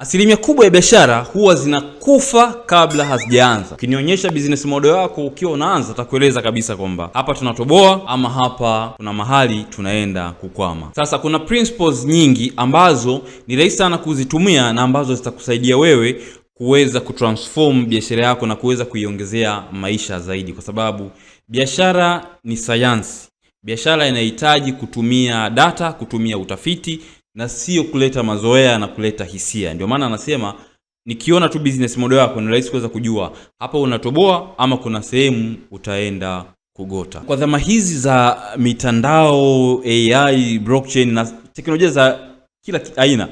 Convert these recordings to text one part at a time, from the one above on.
Asilimia kubwa ya biashara huwa zinakufa kabla hazijaanza. Ukinionyesha business model yako ukiwa unaanza, takueleza kabisa kwamba hapa tunatoboa ama hapa kuna mahali tunaenda kukwama. Sasa kuna principles nyingi ambazo ni rahisi sana kuzitumia na ambazo zitakusaidia wewe kuweza kutransform biashara yako na kuweza kuiongezea maisha zaidi, kwa sababu biashara ni sayansi. Biashara inahitaji kutumia data, kutumia utafiti na sio kuleta mazoea na kuleta hisia. Ndio maana anasema nikiona tu business model yako ni rahisi kuweza kujua hapa unatoboa ama kuna sehemu utaenda kugota. Kwa dhama hizi za mitandao, AI, blockchain na teknolojia za kila aina,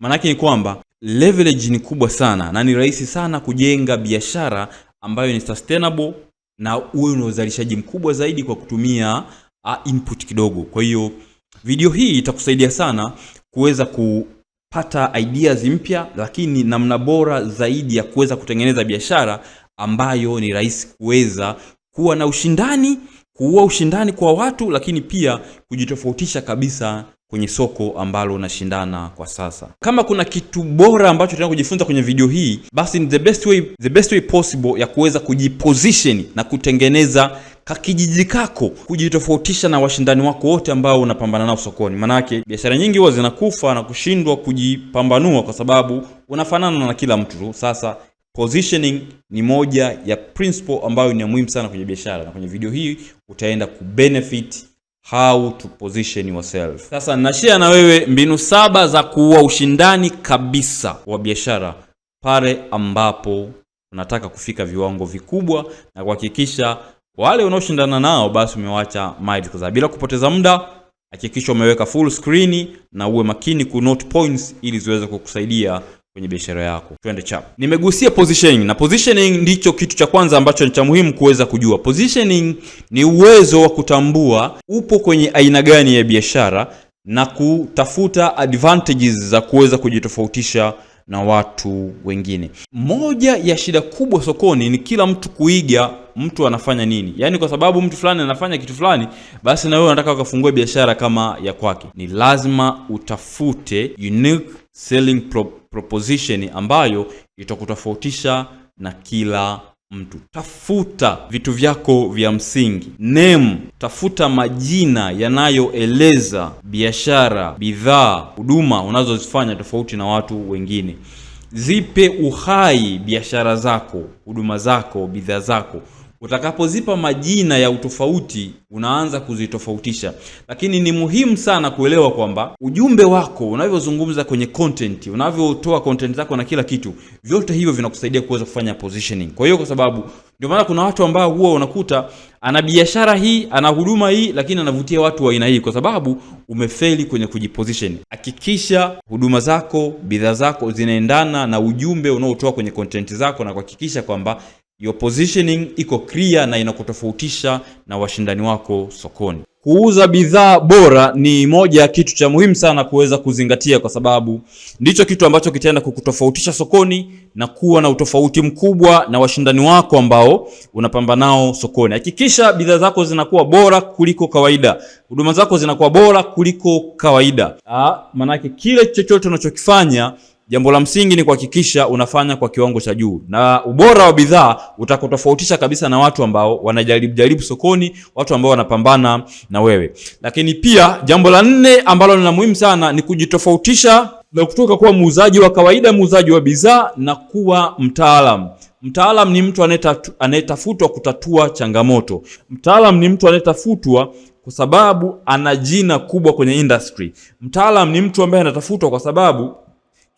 maanake ni kwamba leverage ni kubwa sana na ni rahisi sana kujenga biashara ambayo ni sustainable na uwe na uzalishaji mkubwa zaidi kwa kutumia input kidogo. Kwa hiyo video hii itakusaidia sana kuweza kupata ideas mpya, lakini namna bora zaidi ya kuweza kutengeneza biashara ambayo ni rahisi kuweza kuwa na ushindani, kuua ushindani kwa watu, lakini pia kujitofautisha kabisa kwenye soko ambalo unashindana kwa sasa. Kama kuna kitu bora ambacho tunataka kujifunza kwenye video hii, basi ni the best way, the best way possible ya kuweza kujiposition na kutengeneza kakijiji kako kujitofautisha na washindani wako wote ambao unapambana nao sokoni. Manake biashara nyingi huwa zinakufa na kushindwa kujipambanua kwa sababu unafanana na kila mtu tu. Sasa positioning ni moja ya principle ambayo ni muhimu sana kwenye biashara, na kwenye video hii utaenda kubenefit how to position yourself. Sasa nashia na wewe mbinu saba za kuua ushindani kabisa wa biashara pale ambapo unataka kufika viwango vikubwa na kuhakikisha wale unaoshindana nao basi umewacha miles kadhaa. Bila kupoteza muda, hakikisha umeweka full screen na uwe makini ku note points ili ziweze kukusaidia kwenye biashara yako. Twende chap. Nimegusia positioning na positioning ndicho kitu cha kwanza ambacho ni cha muhimu kuweza kujua. Positioning ni uwezo wa kutambua upo kwenye aina gani ya biashara na kutafuta advantages za kuweza kujitofautisha na watu wengine. Moja ya shida kubwa sokoni ni kila mtu kuiga mtu anafanya nini, yaani kwa sababu mtu fulani anafanya kitu fulani, basi na wewe unataka ukafungue biashara kama ya kwake. Ni lazima utafute unique selling pro proposition ambayo itakutofautisha na kila mtu. Tafuta vitu vyako vya msingi. Name, tafuta majina yanayoeleza biashara, bidhaa, huduma unazozifanya tofauti na watu wengine. Zipe uhai biashara zako, huduma zako, bidhaa zako. Utakapozipa majina ya utofauti, unaanza kuzitofautisha. Lakini ni muhimu sana kuelewa kwamba ujumbe wako unavyozungumza kwenye content, unavyotoa content zako na kila kitu, vyote hivyo vinakusaidia kuweza kufanya positioning. Kwa hiyo, kwa sababu ndio maana kuna watu ambao huwa unakuta ana biashara hii, ana huduma hii, lakini anavutia watu wa aina hii, kwa sababu umefeli kwenye kujiposition. Hakikisha huduma zako, bidhaa zako zinaendana na ujumbe unaotoa kwenye content zako na kuhakikisha kwamba Your positioning iko clear na inakutofautisha na washindani wako sokoni. Kuuza bidhaa bora ni moja ya kitu cha muhimu sana kuweza kuzingatia, kwa sababu ndicho kitu ambacho kitaenda kukutofautisha sokoni na kuwa na utofauti mkubwa na washindani wako ambao unapambana nao sokoni. Hakikisha bidhaa zako zinakuwa bora kuliko kawaida, huduma zako zinakuwa bora kuliko kawaida. Ah, maanake kile chochote unachokifanya Jambo la msingi ni kuhakikisha unafanya kwa kiwango cha juu, na ubora wa bidhaa utakutofautisha kabisa na watu ambao wanajaribu jaribu sokoni, watu ambao wanapambana na wewe. Lakini pia jambo la nne ambalo ni la muhimu sana ni kujitofautisha na kutoka kuwa muuzaji wa kawaida, muuzaji wa bidhaa na kuwa mtaalam. Mtaalam ni mtu anayetafutwa kutatua changamoto. Mtaalam ni mtu anayetafutwa kwa sababu ana jina kubwa kwenye industry. Mtaalam ni mtu ambaye anatafutwa kwa sababu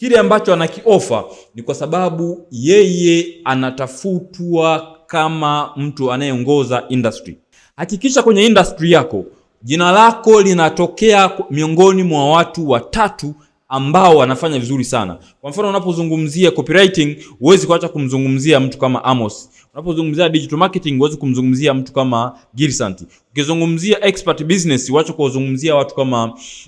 kile ambacho anakiofa ni kwa sababu yeye anatafutwa kama mtu anayeongoza industry. Hakikisha kwenye industry yako jina lako linatokea miongoni mwa watu watatu ambao wanafanya vizuri sana. Kwa mfano, unapozungumzia copywriting huwezi kuacha kumzungumzia mtu kama Amos. Unapozungumzia digital marketing huwezi kumzungumzia mtu kama Gilsanti. Ukizungumzia expert business huache kuwazungumzia watu kama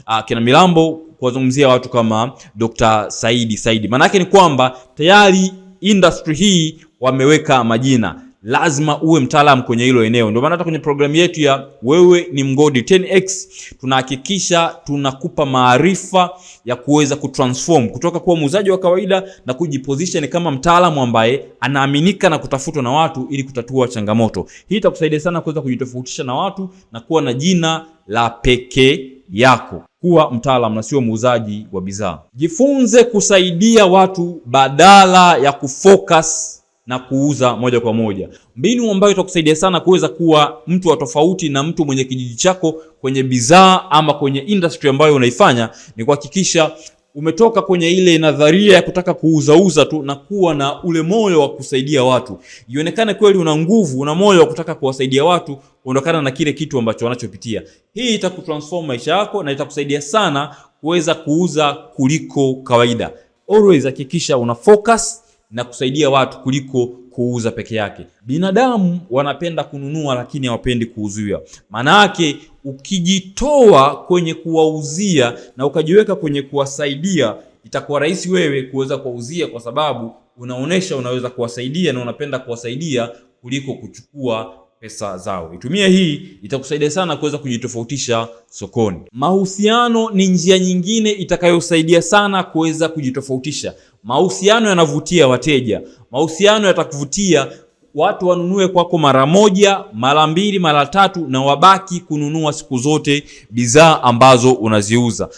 uh, kina Milambo kuwazungumzia watu kama Dr. Saidi Saidi. Maanake ni kwamba tayari industry hii wameweka majina, lazima uwe mtaalamu kwenye hilo eneo. Ndio maana hata kwenye programu yetu ya wewe ni mgodi 10x tunahakikisha tunakupa maarifa ya kuweza kutransform kutoka kuwa muuzaji wa kawaida na kujiposition kama mtaalamu ambaye anaaminika na kutafutwa na watu ili kutatua changamoto. Hii itakusaidia sana kuweza kujitofautisha na watu na kuwa na jina la pekee yako. Kuwa mtaalamu na sio muuzaji wa bidhaa. Jifunze kusaidia watu badala ya kufocus na kuuza moja kwa moja. Mbinu ambayo itakusaidia sana kuweza kuwa mtu wa tofauti na mtu mwenye kijiji chako kwenye bidhaa ama kwenye industry ambayo unaifanya ni kuhakikisha umetoka kwenye ile nadharia ya kutaka kuuzauza tu na kuwa na ule moyo wa kusaidia watu, ionekane kweli una nguvu, una moyo wa kutaka kuwasaidia watu, kuondokana na kile kitu ambacho wanachopitia. Hii itakutransform maisha yako na itakusaidia sana kuweza kuuza kuliko kawaida. Always hakikisha una focus na kusaidia watu kuliko kuuza peke yake. Binadamu wanapenda kununua, lakini hawapendi kuuziwa. Maana yake ukijitoa kwenye kuwauzia na ukajiweka kwenye kuwasaidia, itakuwa rahisi wewe kuweza kuwauzia, kwa sababu unaonesha unaweza kuwasaidia na unapenda kuwasaidia kuliko kuchukua pesa zao. Itumie hii, itakusaidia sana kuweza kujitofautisha sokoni. Mahusiano ni njia nyingine itakayosaidia sana kuweza kujitofautisha. Mahusiano yanavutia wateja, mahusiano yatakuvutia watu wanunue kwako mara moja, mara mbili, mara tatu, na wabaki kununua siku zote bidhaa ambazo unaziuza.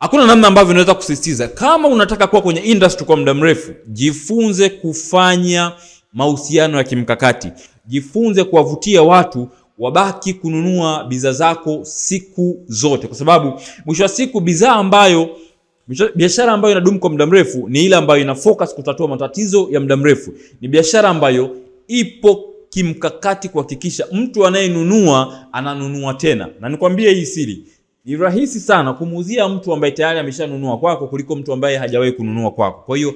Hakuna namna ambavyo unaweza kusisitiza. Kama unataka kuwa kwenye industry kwa muda mrefu, jifunze kufanya mahusiano ya kimkakati, jifunze kuwavutia watu wabaki kununua bidhaa zako siku zote, kwa sababu mwisho wa siku bidhaa ambayo Biashara ambayo inadumu kwa muda mrefu ni ile ambayo ina focus kutatua matatizo ya muda mrefu. Ni biashara ambayo ipo kimkakati kuhakikisha mtu anayenunua ananunua tena, na nikwambie hii siri ni rahisi sana kumuuzia mtu ambaye tayari ameshanunua kwako kuliko mtu ambaye hajawahi kununua kwako. Kwa hiyo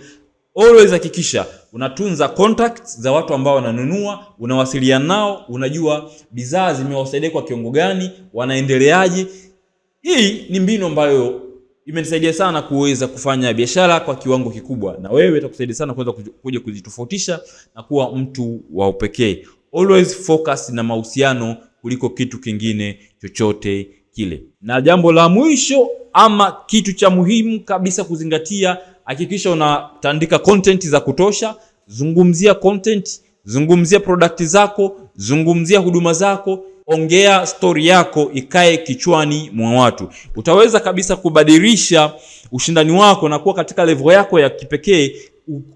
always hakikisha unatunza contacts za watu ambao wananunua, unawasiliana nao, unajua bidhaa zimewasaidia kwa kiwango gani, wanaendeleaje. Hii ni mbinu ambayo imenisaidia sana kuweza kufanya biashara kwa kiwango kikubwa, na wewe itakusaidia sana kuweza kuja kujitofautisha na kuwa mtu wa upekee. Always focus na mahusiano kuliko kitu kingine chochote kile. Na jambo la mwisho ama kitu cha muhimu kabisa kuzingatia, hakikisha unatandika content za kutosha. Zungumzia content, zungumzia product zako, zungumzia huduma zako ongea stori yako ikae kichwani mwa watu. Utaweza kabisa kubadilisha ushindani wako na kuwa katika levo yako ya kipekee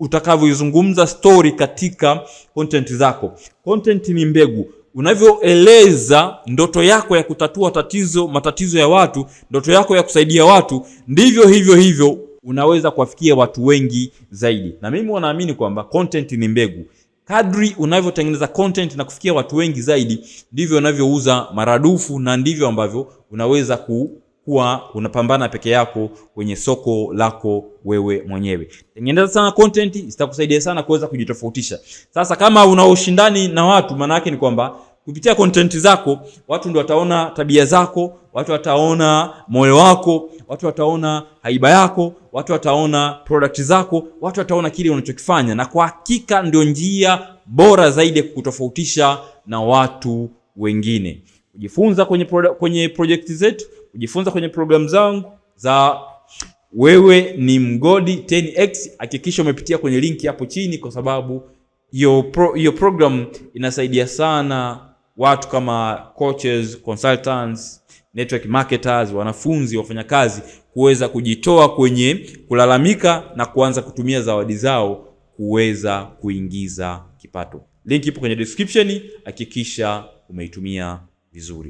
utakavyozungumza stori katika content zako. Content ni mbegu. Unavyoeleza ndoto yako ya kutatua tatizo, matatizo ya watu, ndoto yako ya kusaidia watu, ndivyo hivyo hivyo unaweza kuwafikia watu wengi zaidi. Na mimi wanaamini kwamba content ni mbegu. Kadri unavyotengeneza content na kufikia watu wengi zaidi, ndivyo unavyouza maradufu na ndivyo ambavyo unaweza ku kuwa unapambana peke yako kwenye soko lako wewe mwenyewe. Tengeneza sana content, zitakusaidia sana kuweza kujitofautisha. Sasa kama una ushindani na watu, maana yake ni kwamba kupitia content zako watu ndio wataona tabia zako, watu wataona moyo wako, watu wataona haiba yako, watu wataona product zako, watu wataona kile unachokifanya, na kwa hakika ndio njia bora zaidi ya kukutofautisha na watu wengine. Kujifunza kwenye, kwenye project zetu, kujifunza kwenye programu zangu za wewe ni mgodi 10x. Hakikisha umepitia kwenye linki hapo chini, kwa sababu hiyo pro, hiyo program inasaidia sana watu kama coaches, consultants, network marketers, wanafunzi, wafanyakazi kuweza kujitoa kwenye kulalamika na kuanza kutumia zawadi zao kuweza kuingiza kipato. Link ipo kwenye description, hakikisha umeitumia vizuri.